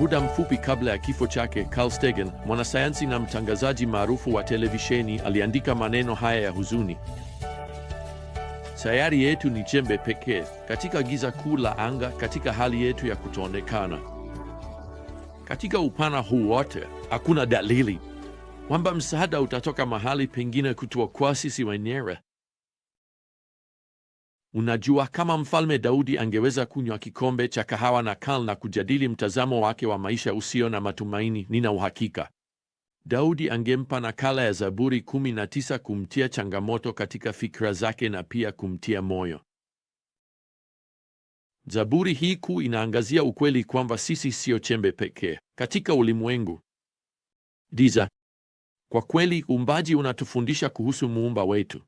Muda mfupi kabla ya kifo chake, Carl Sagan, mwanasayansi na mtangazaji maarufu wa televisheni, aliandika maneno haya ya huzuni: sayari yetu ni chembe pekee katika giza kuu la anga, katika hali yetu ya kutoonekana. Katika upana huu wote, hakuna dalili kwamba msaada utatoka mahali pengine kutoka sisi wenyewe. Unajua, kama Mfalme Daudi angeweza kunywa kikombe cha kahawa na Karl na kujadili mtazamo wake wa maisha usio na matumaini, nina uhakika Daudi angempa nakala ya Zaburi 19 kumtia changamoto katika fikra zake na pia kumtia moyo. Zaburi hii kuu inaangazia ukweli kwamba sisi siyo chembe pekee katika ulimwengu diza. Kwa kweli, uumbaji unatufundisha kuhusu muumba wetu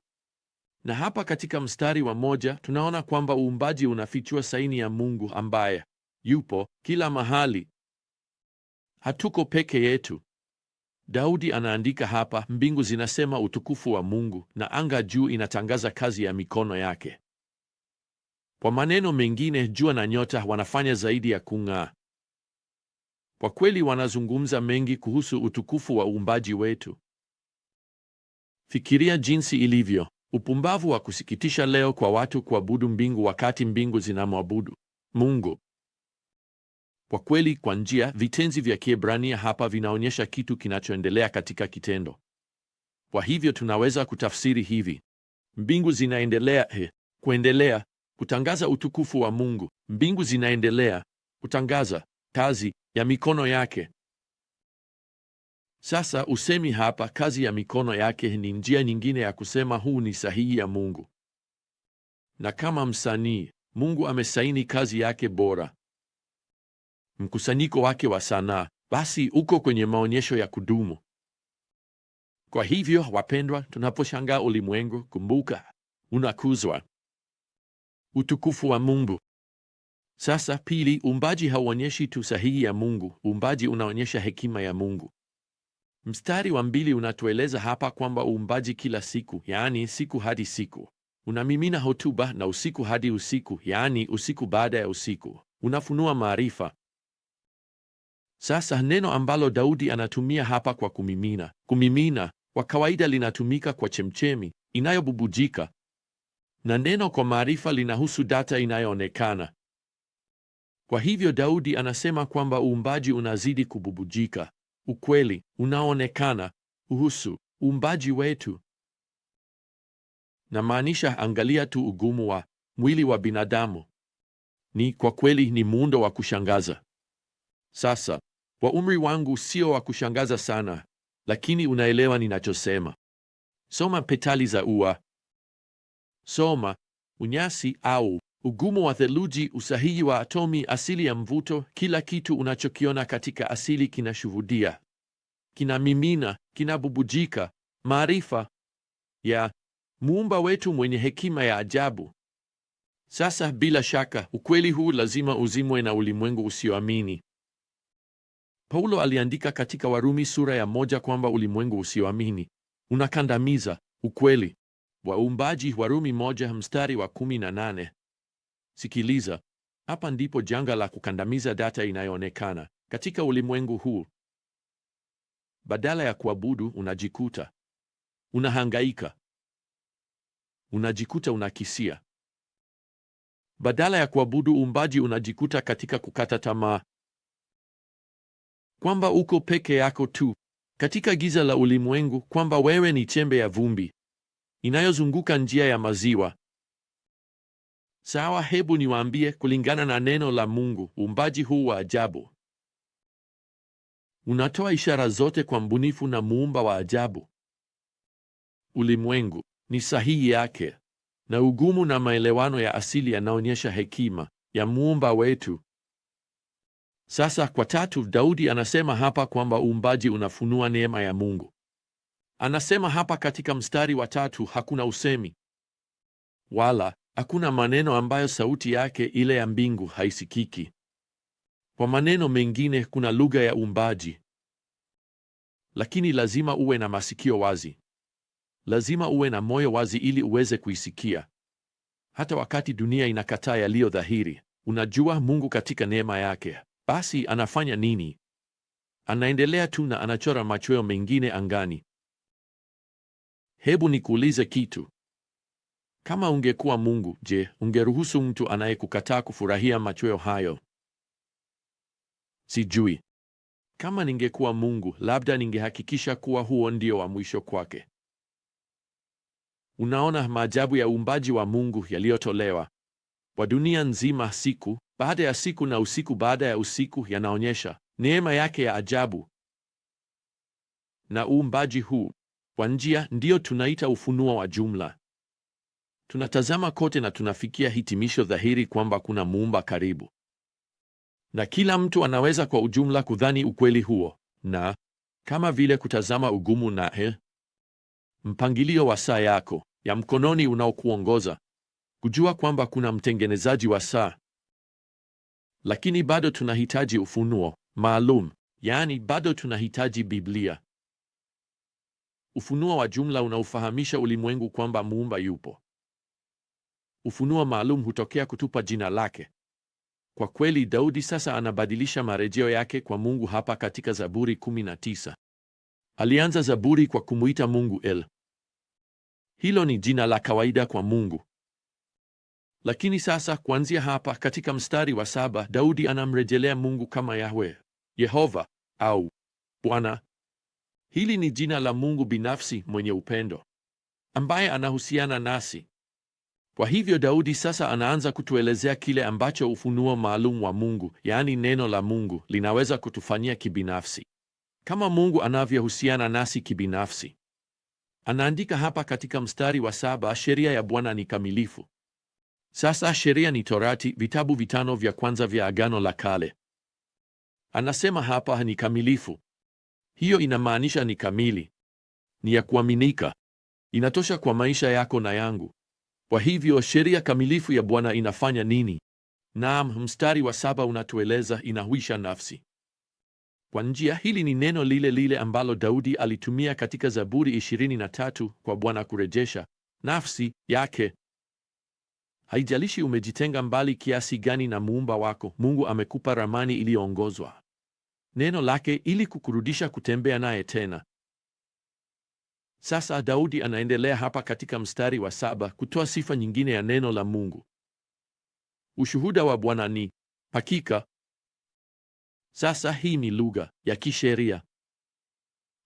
na hapa katika mstari wa moja tunaona kwamba uumbaji unafichua saini ya Mungu ambaye yupo kila mahali. Hatuko peke yetu. Daudi anaandika hapa, mbingu zinasema utukufu wa Mungu na anga juu inatangaza kazi ya mikono yake. Kwa maneno mengine, jua na nyota wanafanya zaidi ya kung'aa. Kwa kweli, wanazungumza mengi kuhusu utukufu wa uumbaji wetu. Fikiria jinsi ilivyo Upumbavu wa kusikitisha leo kwa watu kuabudu mbingu wakati mbingu zinamwabudu Mungu. Kwa kweli, kwa njia, vitenzi vya Kiebrania hapa vinaonyesha kitu kinachoendelea katika kitendo. Kwa hivyo tunaweza kutafsiri hivi: mbingu zinaendelea he, eh, kuendelea kutangaza utukufu wa Mungu. Mbingu zinaendelea kutangaza kazi ya mikono yake. Sasa usemi hapa kazi ya mikono yake ni njia nyingine ya kusema huu ni sahihi ya Mungu, na kama msanii Mungu amesaini kazi yake bora, mkusanyiko wake wa sanaa, basi uko kwenye maonyesho ya kudumu. Kwa hivyo, wapendwa, tunaposhangaa ulimwengu, kumbuka unakuzwa utukufu wa Mungu. Sasa pili, uumbaji hauonyeshi tu sahihi ya Mungu, uumbaji unaonyesha hekima ya Mungu. Mstari wa mbili unatueleza hapa kwamba uumbaji kila siku, yaani siku hadi siku, unamimina hotuba na usiku hadi usiku, yaani usiku baada ya usiku, unafunua maarifa. Sasa neno ambalo Daudi anatumia hapa kwa kumimina, kumimina kwa kawaida linatumika kwa chemchemi inayobubujika, na neno kwa maarifa linahusu data inayoonekana. Kwa hivyo Daudi anasema kwamba uumbaji unazidi kububujika ukweli unaonekana kuhusu uumbaji wetu. Namaanisha, angalia tu ugumu wa mwili wa binadamu. Ni kwa kweli ni muundo wa kushangaza. Sasa kwa umri wangu sio wa kushangaza sana, lakini unaelewa ninachosema. Soma petali za ua, soma unyasi au ugumu wa theluji, usahihi wa atomi, asili ya mvuto, kila kitu unachokiona katika asili kinashuhudia, kinamimina, kinabubujika maarifa ya muumba wetu mwenye hekima ya ajabu. Sasa bila shaka ukweli huu lazima uzimwe na ulimwengu usioamini. Paulo aliandika katika Warumi sura ya moja kwamba ulimwengu usioamini unakandamiza ukweli wa uumbaji. Warumi moja mstari wa kumi na nane. Sikiliza, hapa ndipo janga la kukandamiza data inayoonekana katika ulimwengu huu. Badala ya kuabudu, unajikuta unahangaika, unajikuta unakisia. Badala ya kuabudu uumbaji, unajikuta katika kukata tamaa, kwamba uko peke yako tu katika giza la ulimwengu, kwamba wewe ni chembe ya vumbi inayozunguka njia ya maziwa. Sawa, hebu niwaambie kulingana na neno la Mungu, uumbaji huu wa ajabu unatoa ishara zote kwa mbunifu na muumba wa ajabu. Ulimwengu ni sahihi yake, na ugumu na maelewano ya asili yanaonyesha hekima ya muumba wetu. Sasa kwa tatu, Daudi anasema hapa kwamba uumbaji unafunua neema ya Mungu. Anasema hapa katika mstari wa tatu, hakuna usemi wala Hakuna maneno ambayo sauti yake ile ya mbingu haisikiki. Kwa maneno mengine, kuna lugha ya uumbaji, lakini lazima uwe na masikio wazi, lazima uwe na moyo wazi ili uweze kuisikia. Hata wakati dunia inakataa yaliyo dhahiri, unajua Mungu katika neema yake basi anafanya nini? Anaendelea tu na anachora machweo mengine angani. Hebu nikuulize kitu. Kama ungekuwa Mungu, je, ungeruhusu mtu anayekukataa kufurahia machweo hayo? Sijui. Kama ningekuwa Mungu, labda ningehakikisha kuwa huo ndio wa mwisho kwake. Unaona maajabu ya uumbaji wa Mungu yaliyotolewa kwa dunia nzima, siku baada ya siku na usiku baada ya usiku, yanaonyesha neema yake ya ajabu. Na uumbaji huu kwa njia ndiyo tunaita ufunuo wa jumla. Tunatazama kote na tunafikia hitimisho dhahiri kwamba kuna muumba karibu, na kila mtu anaweza kwa ujumla kudhani ukweli huo, na kama vile kutazama ugumu na he, mpangilio wa saa yako ya mkononi unaokuongoza kujua kwamba kuna mtengenezaji wa saa. Lakini bado tunahitaji ufunuo maalum, yaani bado tunahitaji Biblia, ufunuo wa jumla unaofahamisha ulimwengu kwamba muumba yupo ufunuo maalum hutokea kutupa jina lake. Kwa kweli, Daudi sasa anabadilisha marejeo yake kwa Mungu hapa katika Zaburi 19. Alianza Zaburi kwa kumuita Mungu El. Hilo ni jina la kawaida kwa Mungu. Lakini sasa kuanzia hapa katika mstari wa saba, Daudi anamrejelea Mungu kama Yahwe, Yehova au Bwana. Hili ni jina la Mungu binafsi mwenye upendo ambaye anahusiana nasi. Kwa hivyo Daudi sasa anaanza kutuelezea kile ambacho ufunuo maalum wa Mungu, yaani neno la Mungu, linaweza kutufanyia kibinafsi, kama Mungu anavyohusiana nasi kibinafsi. Anaandika hapa katika mstari wa saba, sheria ya Bwana ni kamilifu. Sasa sheria ni Torati, vitabu vitano vya kwanza vya Agano la Kale. Anasema hapa ni kamilifu. Hiyo inamaanisha ni kamili, ni ya kuaminika, inatosha kwa maisha yako na yangu. Kwa hivyo sheria kamilifu ya Bwana inafanya nini? Naam, mstari wa saba unatueleza inahuisha nafsi. Kwa njia, hili ni neno lile lile ambalo Daudi alitumia katika Zaburi 23 kwa Bwana kurejesha nafsi yake. Haijalishi umejitenga mbali kiasi gani na muumba wako, Mungu amekupa ramani iliyoongozwa neno lake ili kukurudisha kutembea naye tena. Sasa Daudi anaendelea hapa katika mstari wa saba kutoa sifa nyingine ya neno la Mungu. Ushuhuda wa Bwana ni hakika. Sasa hii ni lugha ya kisheria.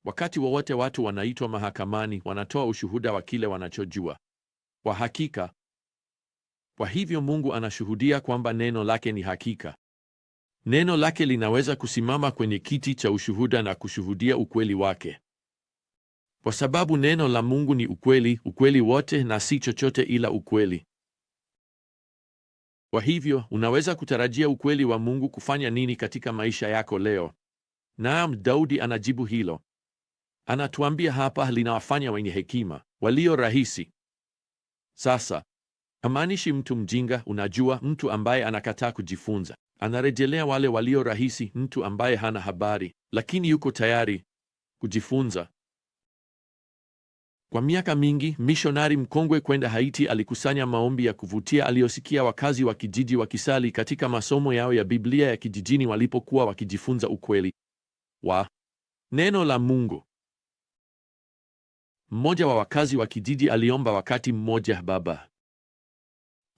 Wakati wowote watu wanaitwa mahakamani, wanatoa ushuhuda wa kile wanachojua kwa hakika. Kwa hivyo Mungu anashuhudia kwamba neno lake ni hakika. Neno lake linaweza kusimama kwenye kiti cha ushuhuda na kushuhudia ukweli wake kwa sababu neno la Mungu ni ukweli, ukweli wote, na si chochote ila ukweli. Kwa hivyo unaweza kutarajia ukweli wa Mungu kufanya nini katika maisha yako leo? Naam, Daudi anajibu hilo, anatuambia hapa, linawafanya wenye hekima walio rahisi. Sasa amaanishi mtu mjinga, unajua, mtu ambaye anakataa kujifunza. Anarejelea wale walio rahisi, mtu ambaye hana habari lakini yuko tayari kujifunza. Kwa miaka mingi mishonari mkongwe kwenda Haiti alikusanya maombi ya kuvutia aliyosikia wakazi wa kijiji wakisali katika masomo yao ya Biblia ya kijijini walipokuwa wakijifunza ukweli wa neno la Mungu. Mmoja wa wakazi wa kijiji aliomba wakati mmoja, Baba,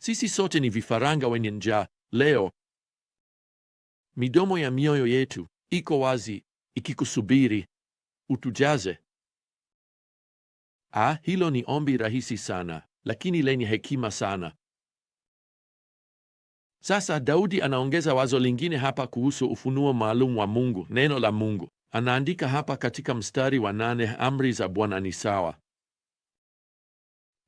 sisi sote ni vifaranga wenye njaa leo, midomo ya mioyo yetu iko wazi ikikusubiri, utujaze Ah, hilo ni ombi rahisi sana, lakini lenye hekima sana. Sasa Daudi anaongeza wazo lingine hapa kuhusu ufunuo maalum wa Mungu, neno la Mungu. Anaandika hapa katika mstari wa nane, amri za Bwana ni sawa.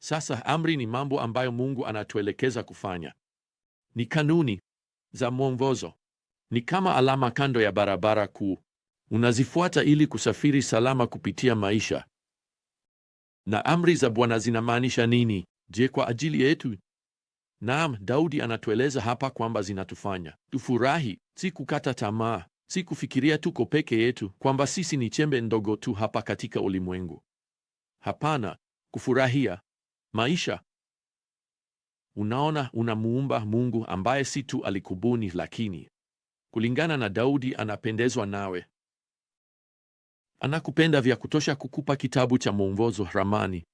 Sasa amri ni mambo ambayo Mungu anatuelekeza kufanya, ni kanuni za mwongozo, ni kama alama kando ya barabara kuu, unazifuata ili kusafiri salama kupitia maisha. Na amri za Bwana zinamaanisha nini? Je, kwa ajili yetu? Naam, Daudi anatueleza hapa kwamba zinatufanya tufurahi, si kukata tamaa, si kufikiria tuko peke yetu, kwamba sisi ni chembe ndogo tu hapa katika ulimwengu. Hapana, kufurahia maisha. Unaona, unamuumba Mungu ambaye si tu alikubuni, lakini kulingana na Daudi anapendezwa nawe anakupenda vya kutosha kukupa kitabu cha mwongozo, ramani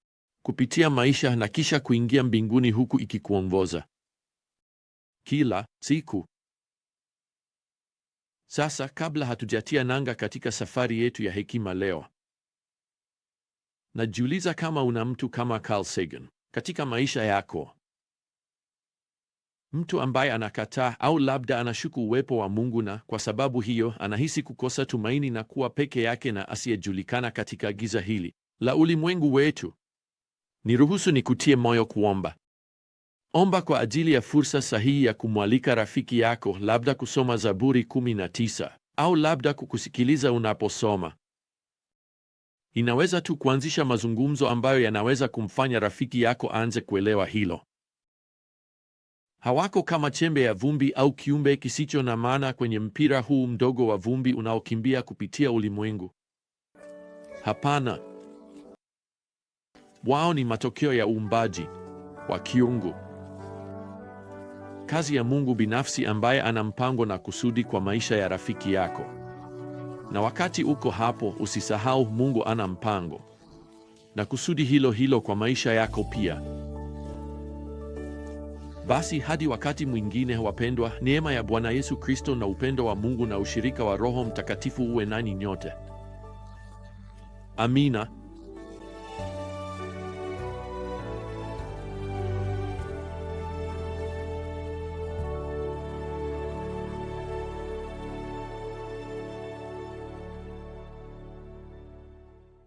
kupitia maisha, na kisha kuingia mbinguni huku ikikuongoza kila siku. Sasa, kabla hatujatia nanga katika safari yetu ya hekima leo, najiuliza kama una mtu kama Carl Sagan katika maisha yako mtu ambaye anakataa au labda anashuku uwepo wa Mungu na kwa sababu hiyo anahisi kukosa tumaini na kuwa peke yake na asiyejulikana katika giza hili la ulimwengu wetu. Niruhusu nikutie moyo kuomba. Omba kwa ajili ya fursa sahihi ya kumwalika rafiki yako, labda kusoma Zaburi 19 au labda kukusikiliza unaposoma. Inaweza tu kuanzisha mazungumzo ambayo yanaweza kumfanya rafiki yako aanze kuelewa hilo. Hawako kama chembe ya vumbi au kiumbe kisicho na maana kwenye mpira huu mdogo wa vumbi unaokimbia kupitia ulimwengu. Hapana, wao ni matokeo ya uumbaji wa kiungu, kazi ya Mungu binafsi ambaye ana mpango na kusudi kwa maisha ya rafiki yako. Na wakati uko hapo, usisahau Mungu ana mpango na kusudi hilo hilo kwa maisha yako pia. Basi hadi wakati mwingine, wapendwa, neema ya Bwana Yesu Kristo na upendo wa Mungu na ushirika wa Roho Mtakatifu uwe nani nyote. Amina.